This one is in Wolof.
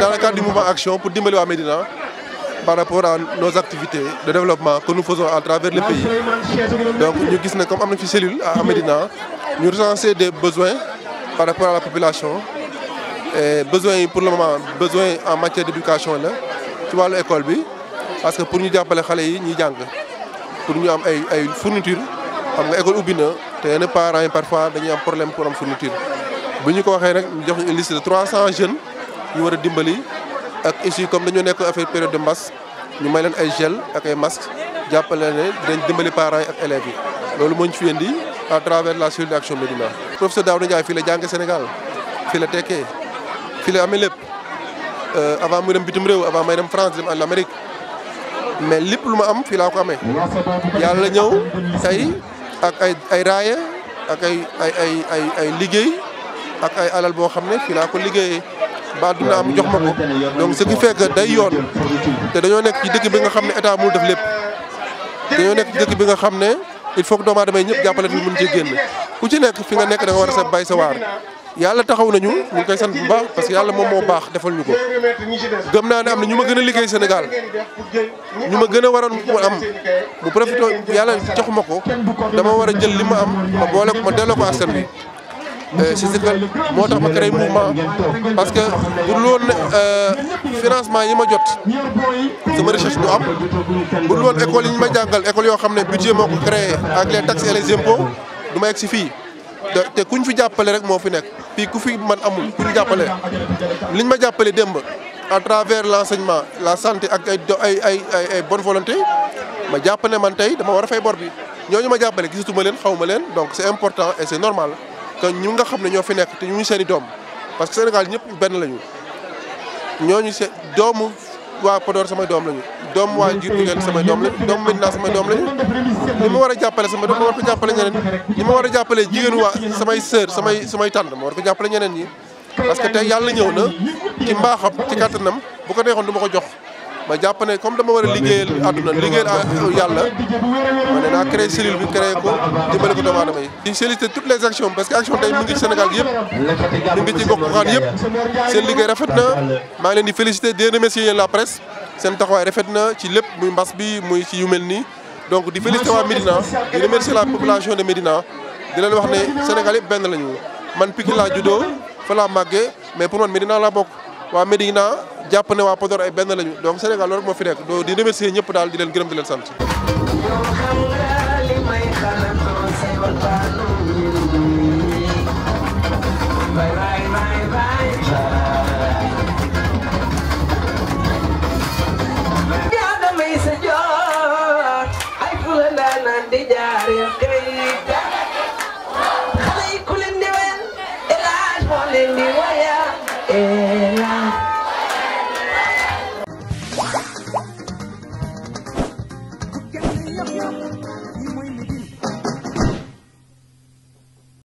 Dans le cadre du mouvement Action pour dimbali waa Médina par rapport à nos activités de développement que nous faisons à travers le pays donc ñu gis ne comme am na fi cellule à Médina ñu recenser des besoins par rapport à la population et besoins yi pour le moment besoins en matière d'éducation la ci wàllu école bi parce que pour ñu jàppale xale yi ñuy jàng pour ñu am ay ay fourniture xam nga école ubbi na te yenn parents yi parfois dañuy am problème pour am fourniture bu ñu ko waxee rek ñu jox ñu une liste de 300 jeunes yu a dimbali ak aussi comme dañoo nekk affaire période de mbas ñu may leen ay gel ak ay masques jàppale ne dañ dimbali parents yi ak élèves yi loolu mooñ ñu fi indi à travers la cellule d'action Médina. professeur Daouda Ndiaye fii la jànge Sénégal fii la tekkee fii la amee lépp euh, avant muy dem bitim réew avant may dem France dem Amérique mais lépp lu ma am fii laa ko amee yàlla ñëw tey. ak ay ay raaye ak ay ay ay ay ay liggéey ak ay alal boo xam ne fii laa ko liggéeyee ba dina am jox ma ko donc ce qui fait day yoon te dañoo nekk ci dëkk bi nga xam ne état mënul def lépp dañoo nekk ci dëkk bi nga xam ne il faut que doomu aadama yi ñëpp jàppale ñu mën cee génn ku ci nekk fi nga nekk da nga war a sa bay sa waar yàlla taxaw nañu ñu ngi koy sant bu baax parce que yàlla moom moo baax defal ñu ko gëm naa ne am na ñu ma gën a liggéey Sénégal ñu ma gën a waroon am bu profité yàlla joxuma ko dama war a jël li ma am ma boole ko ma delloo ko askan euh, moo tax ma créé mouvement parce que bu loon euh, financement yi ma jot sama recherche du am bu loon école yi ñu ma jàngal école yoo xam ne budget moo ko créé ak les taxes et les ma egg si fii. te ñu fi jàppale rek moo fi nekk fii ku fi man amul ku ñu jàppale liñ ma jàppale démb à travers l' enseignement la santé ak ay ay ay ay bonne volonté ma jàpp ne man tey dama war a fay bor bi ñoo ñu ma jàppale gisatuma leen xaw ma leen donc c' est important et c' est normal que ñu nga xam ne ñoo fi nekk te ñu seeni doom parce que Sénégal ñëpp benn lañu ñooñu seen doomu. waa Podor samay doom lañu doom waa Diourbel samay doom lañu doom Medina samay doom lañu ni ma war a jàppale sama doom ma war ko jàppale ñeneen ni ma war a jàppale jigéen waa samay sœur samay samay tànn ma war ko jàppale ñeneen ñi parce que tey yàlla ñëw na ci mbaaxam ci kàttanam bu ko neexoon du ma ko jox ma jàpp ne comme dama war a liggéeyal àdduna liggéeyal yàlla ma ne naa créé cellule bi créé ko dimbale ko doomu aadama yi. di sollicité toutes les actions parce que action tey mi ngi Sénégal gi yëpp mi ci gox goxaan yëpp seen liggéey rafet na maa ngi leen di félicité di remercier yéen la presse seen taxawaay rafet na ci lépp muy mbas bi muy ci yu nii. donc di félicité waa Médina di remercier la population de Médina di leen wax ne Sénégal jàpp ne waa Podor ay benn lañu donc Sénégal loolu moo fi nekk di remercier ñëpp daal di leen gërëm di leen sant. Yeah.